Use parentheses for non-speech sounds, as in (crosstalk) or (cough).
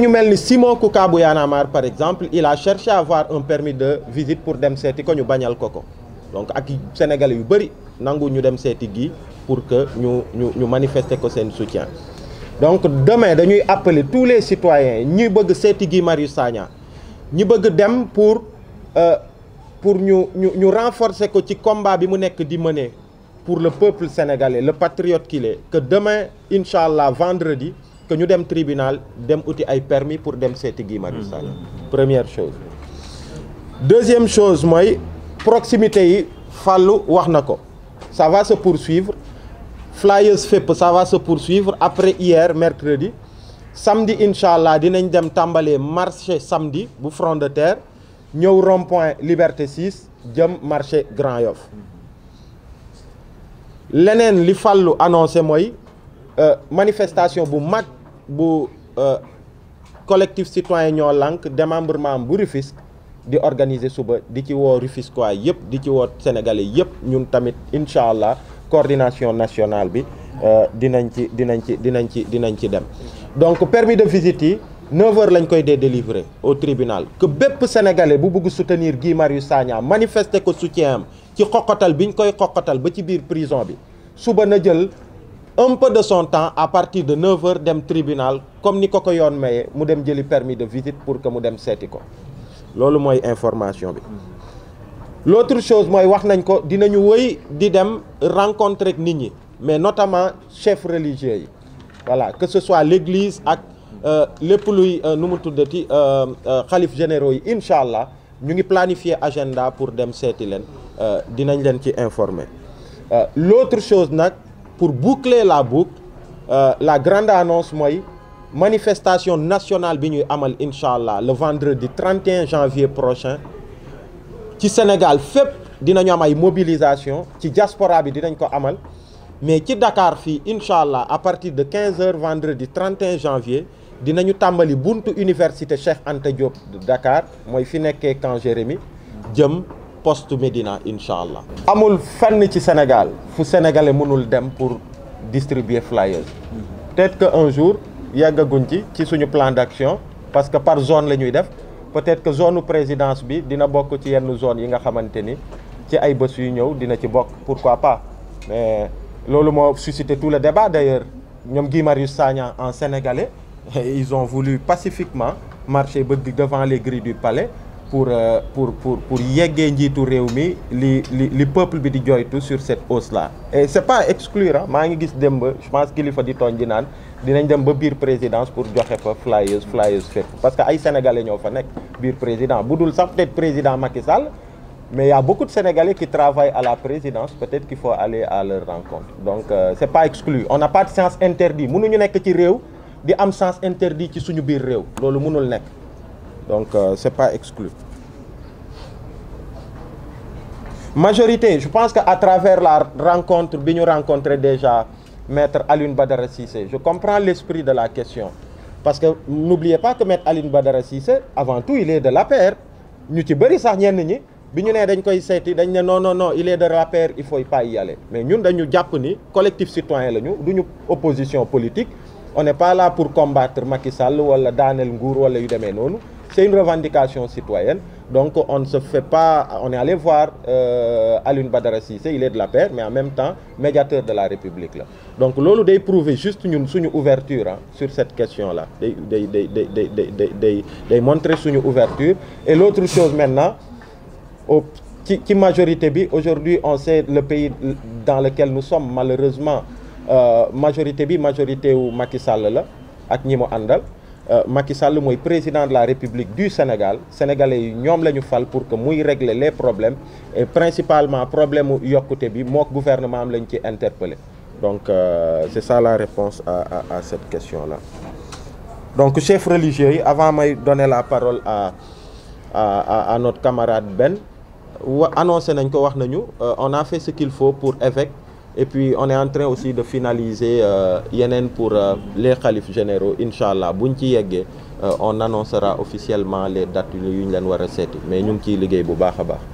nous Simon Kouka par exemple il a cherché à avoir un permis de visite pour dem pour ko ñu le coco. donc sénégalais yu bëri nangu ñu pour que nous manifestions notre manifester ko soutien donc demain allons appeler tous les citoyens nous allons seeti gi Marius Sagna dem pour euh, pour ñu renforcer le combat bi mu pour le peuple sénégalais le patriote qu'il est que demain inchallah vendredi que nous dem tribunal dem outil ay permis pour dem seeti Guy Marius mm-hmm. première chose deuxième chose moi proximité fallu faut wax ça va se poursuivre flyers fep ça va se poursuivre après hier mercredi samedi inchallah nous dem tambalé marché samedi au front de terre ñëw rond-point liberté 6 dem marché Grand Yoff mm-hmm. L'année, li fàllu annoncé moi... Euh, manifestation bu mag bu euh, collectif citoyen de lànk démembrement bu Rufisque di organiser suba di ci di ci sénégalais nous ñun tamit coordination nationale bi euh, dinañ ci dinañ ci donc permis de visite 9h lañ koy au tribunal que les sénégalais bu bëgg soutenir Guy Marius Sagna manifester ko soutien ci biñ koy ba prison bi suba na un peu de son temps à partir de 9 h dem tribunal comme ni koko yone maye mu dem permis de visite pour que mu dem C'est lolu moy information bi l'autre chose moy wax nañ ko dinañu di dem rencontrer nit mais notamment chefs religieux voilà que ce soit l'église ak euh, lepp luy euh, nu mu avons planifié euh, généraux yi ñu ngi planifier agenda pour dem seeti dinañ len ci informer l'autre chose nak pour boucler la boucle euh, la grande annonce moi, manifestation nationale bi amal le vendredi 31 janvier prochain ci Sénégal fait dinañu am ay mobilisation ci diaspora bi amal mais ci Dakar fi Inshallah à partir de 15 h vendredi 31 janvier dinañu tambali buntu université Cheikh Anta de Dakar moy fi à Jérémy post Médina medina inshallah amul fenn ci Sénégal fu sénégalais mënul dem pour distribuer flyers. peut-être qu'un jour il y a un plan d'action parce que par zone les nous def peut-être que zone présidence bi dina bokk ci zone qui nga en ni ci ay bés yu ñëw dina pourquoi pas mais qui a suscité tout le débat d'ailleurs ñoom Marius Sagna en sénégalais (laughs) ils ont voulu pacifiquement marcher devant les grilles du palais pour euh, pour pour pour yeggee peuple bi di sur cette hausse là et c'est pas exclure hein. je pense qu'il faut dire que nous avons dem ba présidence pour faire des flyers flyers parce que ay sénégalais ñoo fa nekk biir président Si vous êtes peut-être président Macky Sall mais il y a beaucoup de sénégalais qui travaillent à la présidence peut-être qu'il faut aller à leur rencontre donc euh, c'est pas exclu on n'a pas de sens interdit mënuñu nekk ci réew di am sens interdit ci suñu biir réew loolu mënul nekk donc, euh, c'est pas exclu. Majorité, je pense qu'à travers la rencontre, nous rencontré déjà Maître Aline Badara Sissé. Je comprends l'esprit de la question. Parce que n'oubliez pas que Maître Aline Badara Sissé, avant tout, il est de la paire. Nous non, non, non, il est de la paire, il ne faut pas y aller. Mais nous, nous sommes collectif citoyen, nous sommes opposition politique. On n'est pas là pour combattre Macky Sall ou Daniel Ngour ou c'est une revendication citoyenne. Donc on ne se fait pas, on est allé voir euh, Alun Badara il est de la paix, mais en même temps médiateur de la République. Donc l'on doit prouvé juste une, ouverture hein, sur cette question-là, de, montrer une ouverture. Et l'autre chose maintenant, au, qui, majorité bi, aujourd'hui on sait le pays dans lequel nous sommes, malheureusement, euh, majorité bi, majorité ou Macky Sall là, avec Andal. Euh, Macky Sall président de la République du Sénégal sénégalais ñom lañu fal pour que muy régler les problèmes et principalement problème yokuté bi gouvernement am lañ interpellé donc euh, c'est ça la réponse à cette question là. donc chef religieux avant de donner la parole à à notre camarade Ben wa annoncé nañ ko wax euh, on a fait ce qu'il faut pour évêque et puis on est en train aussi de finaliser euh, Yenen pour euh, les califs généraux Inch'Allah, euh, on annoncera officiellement les dates de l'Union leen mais nous sommes